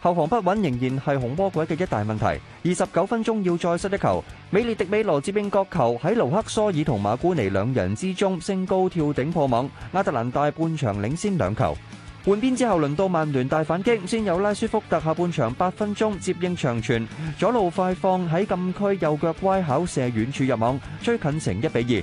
後防不穩仍然係紅魔鬼嘅一大問題。二十九分鐘要再失一球，美列迪美羅接應角球喺盧克索爾同馬古尼兩人之中升高跳頂破網。亞特蘭大半場領先兩球。換邊之後，輪到曼聯大反擊，先有拉舒福特下半場八分鐘接應長傳左路快放喺禁區右腳歪巧射遠處入網，追近成一比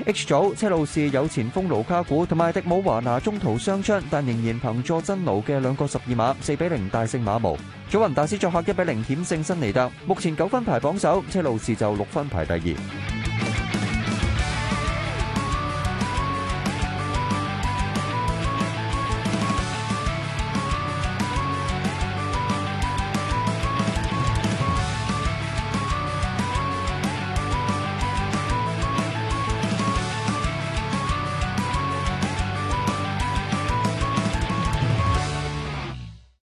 H 組車路士有前鋒盧卡古同埋迪姆華拿中途傷出，但仍然憑助真奴嘅兩個十二碼，四比零大勝馬模。祖雲達斯作客一比零險勝辛尼特，目前九分排榜首，車路士就六分排第二。